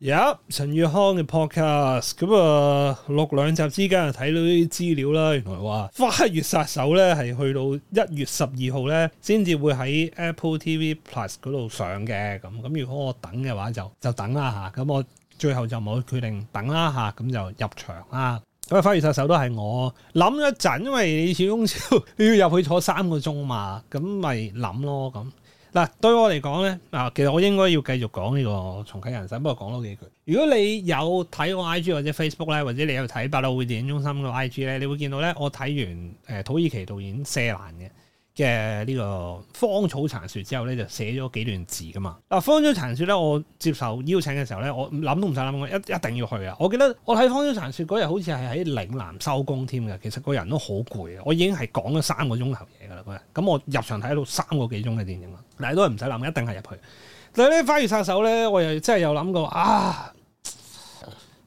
有、yeah，陳宇康嘅 podcast，咁啊錄兩集之間就睇到啲資料啦，原來話花月殺手咧係去到一月十二號咧先至會喺 Apple TV Plus 嗰度上嘅，咁咁如果我等嘅話就就等啦嚇，咁我最後就冇決定等啦嚇，咁就入場啦。咁啊花月殺手都係我諗一陣，因為你始終要 要入去坐三個鐘嘛，咁咪諗咯咁。嗱，對我嚟講咧，啊，其實我應該要繼續講呢個重啟人生，不過講多幾句。如果你有睇我 IG 或者 Facebook 咧，或者你有睇百老匯電影中心個 IG 咧，你會見到咧，我睇完誒土耳其導演謝蘭嘅嘅呢個芳草殘雪之後咧，就寫咗幾段字噶嘛。嗱、啊，芳草殘雪咧，我接受邀請嘅時候咧，我諗都唔使諗，我一一定要去啊！我記得我睇芳草殘雪嗰日，好似係喺嶺南收工添嘅，其實個人都好攰啊！我已經係講咗三個鐘頭嘢噶啦嗰日，咁我入場睇到三個幾鐘嘅電影啊，但係都係唔使諗，一定係入去。但係咧《花月殺手》咧，我又真係有諗過啊。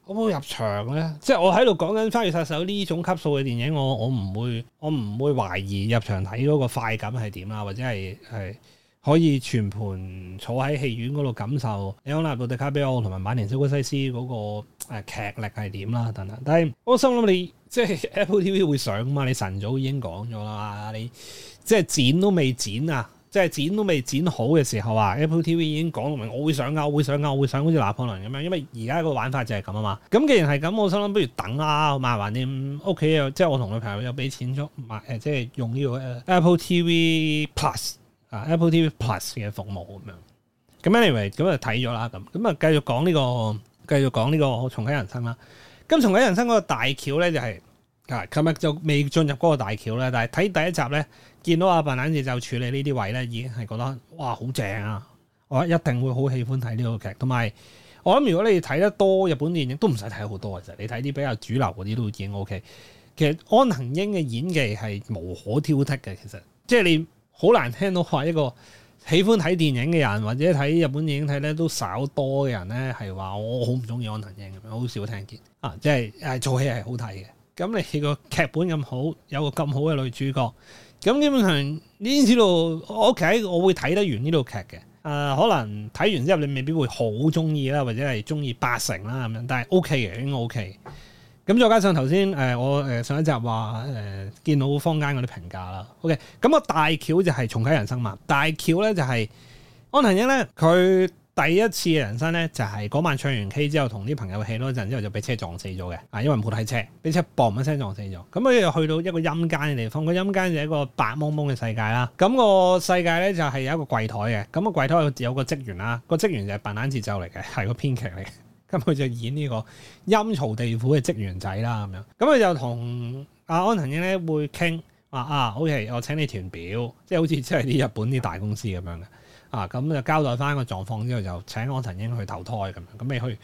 可唔可以入場咧，即係我喺度講緊《花月殺手》呢種級數嘅電影，我我唔會，我唔會懷疑入場睇嗰個快感係點啦，或者係係可以全盤坐喺戲院嗰度感受《里安納度狄卡比奧》同埋《馬田史高西斯、那個》嗰個誒劇力係點啦等等。但係我心諗你即係 Apple TV 會上嘛？你晨早已經講咗啦，你即係剪都未剪啊！即係剪都未剪好嘅時候啊，Apple TV 已經講明我會上架，我會上架，我會上好似拿破崙咁樣，因為而家個玩法就係咁啊嘛。咁既然係咁，我心諗不如等啦，好嘛，橫掂屋企啊，即係我同女朋友又俾錢咗買，誒即係用呢個 Apple TV Plus 啊，Apple TV Plus 嘅服務咁樣。咁 anyway，咁就睇咗啦咁，咁啊繼續講呢、這個繼續講呢、這個講、這個、重啟人生啦。咁重啟人生嗰個大橋咧就係、是。啊！琴日就未進入嗰個大橋咧，但係睇第一集咧，見到阿笨冷姐就處理呢啲位咧，已經係覺得哇好正啊！我一定會好喜歡睇呢個劇。同埋我諗，如果你睇得多日本電影，都唔使睇好多嘅。其實你睇啲比較主流嗰啲都會已經 OK。其實安藤櫻嘅演技係無可挑剔嘅。其實即係你好難聽到話一個喜歡睇電影嘅人或者睇日本電影睇咧都少多嘅人咧係話我好唔中意安藤櫻咁樣，好少聽見啊！即係誒做戲係好睇嘅。咁你個劇本咁好，有個咁好嘅女主角，咁基本上呢你已經知道，OK，我會睇得完呢套劇嘅。誒、呃，可能睇完之後你未必會好中意啦，或者係中意八成啦咁樣，但係 OK 嘅，應該 OK。咁再加上頭先誒我誒上一集話誒、呃、見到坊間嗰啲評價啦。OK，咁個大橋就係重啟人生嘛。大橋咧就係、是、安藤英咧佢。第一次嘅人生咧，就係、是、嗰晚唱完 K 之後，同啲朋友戲咗一陣之後，就俾車撞死咗嘅。啊，因為冇睇車，俾車嘣一聲撞死咗。咁佢就去到一個陰間嘅地方，個陰間就係一個白濛濛嘅世界啦。咁個世界咧就係有一個櫃台嘅，咁個櫃台有有個職員啦，個職員就係扮蘭字咒嚟嘅，係個編劇嚟嘅。咁佢就演呢個陰曹地府嘅職員仔啦，咁樣。咁佢就同阿安藤英咧會傾，啊啊，OK，我請你填表，即係好似即係啲日本啲大公司咁樣嘅。啊，咁就交代翻個狀況之後，就請安藤英去投胎咁樣，咁你去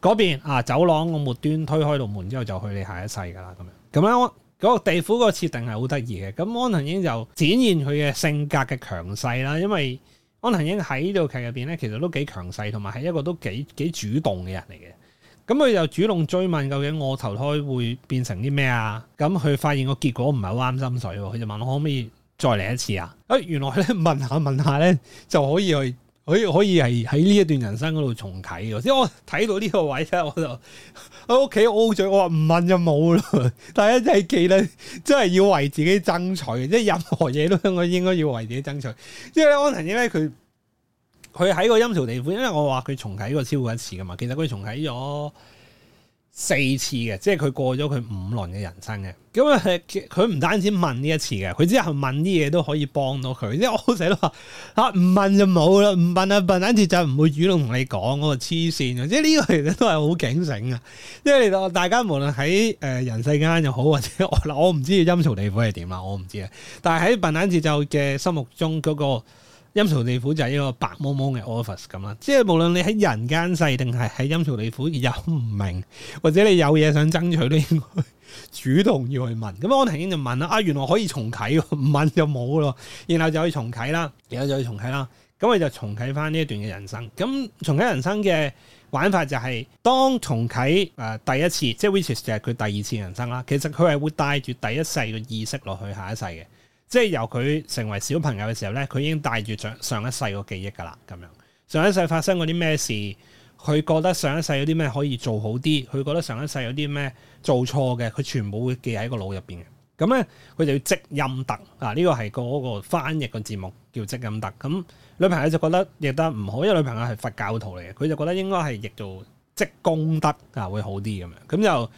嗰邊啊，走廊個末端，推開道門之後，就去你下一世㗎啦咁樣。咁咧，嗰個地府個設定係好得意嘅。咁安藤英就展現佢嘅性格嘅強勢啦，因為安藤英喺呢套劇入邊咧，其實都幾強勢，同埋係一個都幾幾主動嘅人嚟嘅。咁佢就主動追問究竟我投胎會變成啲咩啊？咁佢發現個結果唔係啱心水，佢就問可唔可以？再嚟一次啊！哎，原來咧問下問下咧，就可以係可以可以係喺呢一段人生嗰度重啟嘅。即係我睇到呢個位咧，我就喺屋企懊著，我話唔問就冇咯。但係一第記得，真係要為自己爭取，即係任何嘢，都我應該要為自己爭取。即係咧，安藤英咧，佢佢喺個陰曹地府，因為我話佢重啟過超過一次噶嘛，其實佢重啟咗。四次嘅，即係佢過咗佢五輪嘅人生嘅，咁啊佢唔單止問呢一次嘅，佢之後問啲嘢，都可以幫到佢。即係我成日都話，吓、啊、唔問就冇啦，唔問啊，笨捻節奏唔會主動同你講，嗰、嗰個黐線嘅。即係呢個其實都係好警醒啊！即係大家無論喺誒人世間又好，或者我我唔知陰曹地府係點啦，我唔知啊。但係喺笨捻節奏嘅心目中嗰、嗰個。陰曹地府就係一個白茫茫嘅 office 咁啦，即係無論你喺人間世定係喺陰曹地府有唔明，或者你有嘢想爭取，都應該主動要去問。咁安藤櫻就問啦，啊，原來可以重啟，唔問就冇噶咯，然後就可以重啟啦，然後就可以重啟啦，咁佢就，就重啟翻呢一段嘅人生。咁重啟人生嘅玩法就係、是、當重啟誒第一次，即係 witches 就係佢第二次人生啦。其實佢係會帶住第一世嘅意識落去下一世嘅。即係由佢成為小朋友嘅時候呢，佢已經帶住上一世個記憶噶啦，咁樣上一世發生過啲咩事，佢覺得上一世有啲咩可以做好啲，佢覺得上一世有啲咩做錯嘅，佢全部會記喺個腦入邊嘅。咁呢，佢就要積陰德啊！呢、這個係嗰個翻譯個節目叫積陰德。咁女朋友就覺得譯得唔好，因為女朋友係佛教徒嚟嘅，佢就覺得應該係譯做積功德啊，會好啲咁樣。咁就。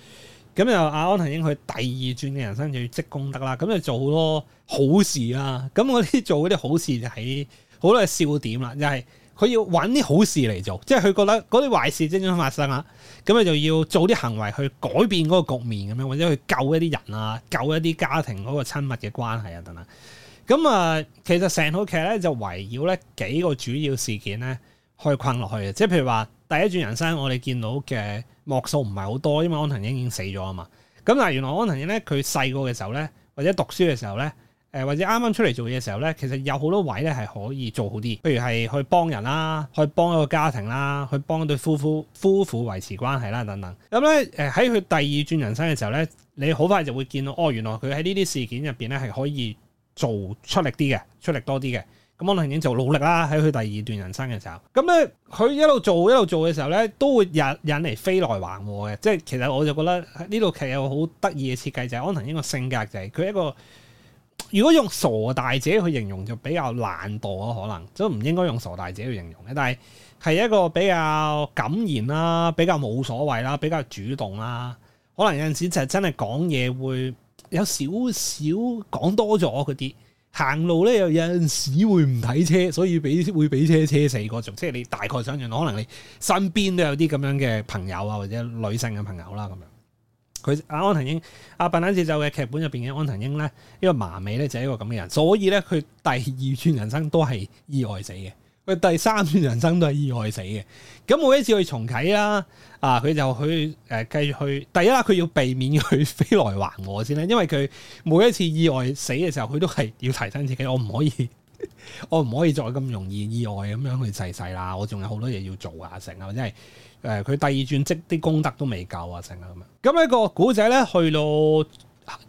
咁又阿安藤櫻佢第二轉嘅人生就要積功德啦，咁就做好多好事啦。咁嗰啲做嗰啲好事就喺好多笑點啦。就係、是、佢要揾啲好事嚟做，即係佢覺得嗰啲壞事正將發生啦，咁啊就要做啲行為去改變嗰個局面咁樣，或者去救一啲人啊，救一啲家庭嗰個親密嘅關係啊等等。咁啊，其實成套劇咧就圍繞咧幾個主要事件咧開困落去嘅，即係譬如話第一轉人生我哋見到嘅。莫數唔係好多，因為安藤英已經死咗啊嘛。咁嗱，原來安藤英咧，佢細個嘅時候咧，或者讀書嘅時候咧，誒、呃，或者啱啱出嚟做嘢嘅時候咧，其實有好多位咧係可以做好啲，譬如係去幫人啦，去幫一個家庭幫啦，去幫一對夫婦夫婦維持關係啦等等。咁、嗯、咧，誒喺佢第二轉人生嘅時候咧，你好快就會見到，哦，原來佢喺呢啲事件入邊咧係可以做出力啲嘅，出力多啲嘅。咁安藤英就努力啦，喺佢第二段人生嘅時候，咁咧佢一路做一路做嘅時候咧，都會引引嚟飛來橫禍嘅。即係其實我就覺得呢度其實有個好得意嘅設計，就係安藤英個性格就係、是、佢一個如果用傻大姐去形容就比較懶惰咯，可能都唔應該用傻大姐去形容嘅。但係係一個比較敢言啦，比較冇所謂啦，比較主動啦，可能有陣時就真係講嘢會有少少講多咗嗰啲。行路咧又有陣時會唔睇車，所以俾會俾車車死過仲，即係你大概想象到，可能你身邊都有啲咁樣嘅朋友啊，或者女性嘅朋友啦咁樣。佢阿安藤英阿笨蛋節奏嘅劇本入邊嘅安藤英咧，呢個麻美咧就係一個咁嘅人，所以咧佢第二串人生都係意外死嘅。佢第三段人生都係意外死嘅，咁每一次去重啟啦，啊佢就去誒、呃、繼續去第一啦，佢要避免佢飛來橫禍先啦，因為佢每一次意外死嘅時候，佢都係要提醒自己，我唔可以， 我唔可以再咁容易意外咁樣去逝世啦，我仲有好多嘢要做啊，成啊，或者係誒佢第二轉積啲功德都未夠啊，成啊咁樣，咁、呃、一、這個古仔咧去到，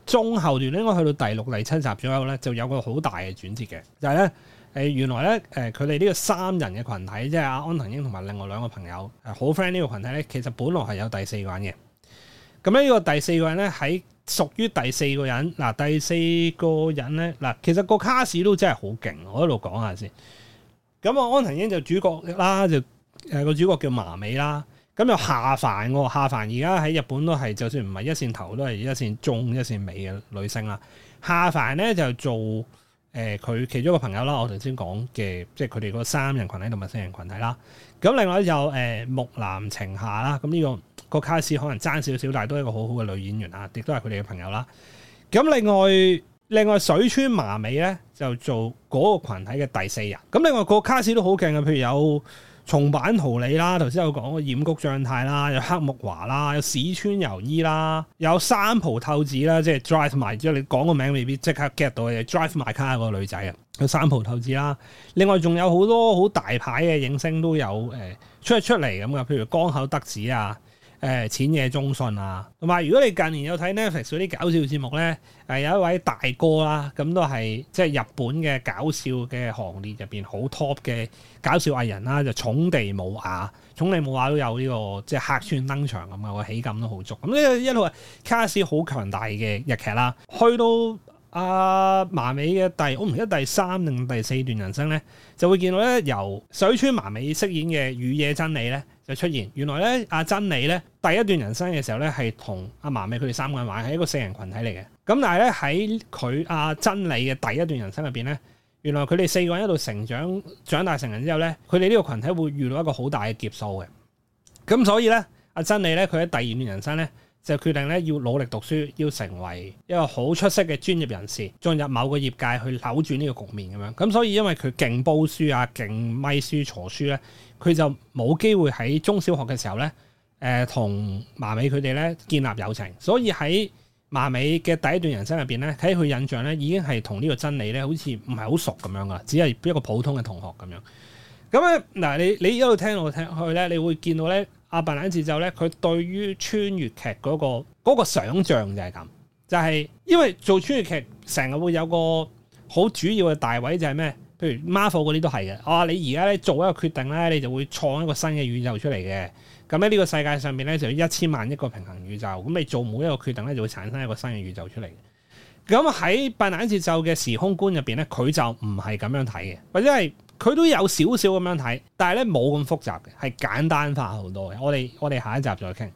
中後段咧，應該去到第六、第七集左右咧，就有個好大嘅轉折嘅，就係、是、咧，誒、呃、原來咧，誒佢哋呢個三人嘅群體，即係阿安藤英同埋另外兩個朋友，誒、啊、好 friend 呢個群體咧，其實本來係有第四個人嘅。咁咧呢個第四個人咧喺屬於第四個人嗱，第四個人咧嗱，其實個卡士都真係好勁，我一路講下先。咁啊，安藤英就主角啦、啊，就誒個、啊、主角叫麻美啦。啊咁又夏帆喎，夏帆而家喺日本都係，就算唔係一線頭都係一線中一線尾嘅女星啦。夏帆咧就做誒佢、呃、其中一個朋友啦，我頭先講嘅，即係佢哋嗰三人群體同埋四人群體啦。咁另外有誒、呃、木南晴夏啦，咁呢、這個個卡士可能爭少少，但係都係一個好好嘅女演員啊，亦都係佢哋嘅朋友啦。咁另外另外水川麻美咧就做嗰個羣體嘅第四人。咁另外個卡士都好勁嘅，譬如有。重版桃李啦，頭先有講過染谷將太啦，有黑木華啦，有市川由衣啦，有三浦透子啦，即係 Drive 同埋，即係你講個名未必即刻 get 到嘅，就是，Drive My Car 個女仔啊，有三浦透子啦，另外仲有好多好大牌嘅影星都有誒、呃、出嚟出嚟咁嘅，譬如江口德子啊。誒、呃、淺野忠信啊，同埋如果你近年有睇 Netflix 嗰啲搞笑節目咧，誒、啊、有一位大哥啦，咁、啊、都係即係日本嘅搞笑嘅行列入邊好 top 嘅搞笑藝人啦，就、啊、重地武雅，重地武雅都有呢、這個即係客串登場咁啊，個喜感都好足。咁呢一路啊，卡司好強大嘅日劇啦、啊，去到阿、啊、麻美嘅第，我唔記得第三定第四段人生咧，就會見到咧由水川麻美飾演嘅雨夜真理咧。出現原來咧，阿珍妮咧第一段人生嘅時候咧係同阿媽咪佢哋三個人玩，係一個四人群體嚟嘅。咁但係咧，喺佢阿珍妮嘅第一段人生入邊咧，原來佢哋四個人一路成長長大成人之後咧，佢哋呢個群體會遇到一個好大嘅劫數嘅。咁所以咧，阿珍妮咧，佢喺第二段人生咧。就決定咧要努力讀書，要成為一個好出色嘅專業人士，進入某個業界去扭轉呢個局面咁樣。咁、嗯、所以因為佢勁煲書啊，勁咪書鋤書咧，佢就冇機會喺中小學嘅時候咧，誒、呃、同麻美佢哋咧建立友情。所以喺麻美嘅第一段人生入邊咧，睇佢印象咧已經係同呢個真理咧，好似唔係好熟咁樣㗎，只係一個普通嘅同學咁樣。咁咧嗱，你你一路聽落聽落去咧，你會見到咧。阿伯冷節奏咧，佢對於穿越劇嗰個嗰個想像就係咁，就係因為做穿越劇成日會有個好主要嘅大位就係咩？譬如 Marvel 嗰啲都係嘅。啊，你而家咧做一個決定咧，你就會創一個新嘅宇宙出嚟嘅。咁喺呢個世界上面咧，就要一千萬一個平行宇宙。咁你做每一個決定咧，就會產生一個新嘅宇宙出嚟。咁喺伯冷節奏嘅時空觀入邊咧，佢就唔係咁樣睇嘅，或者係。佢都有少少咁樣睇，但係呢，冇咁複雜嘅，係簡單化好多嘅。我哋我哋下一集再傾。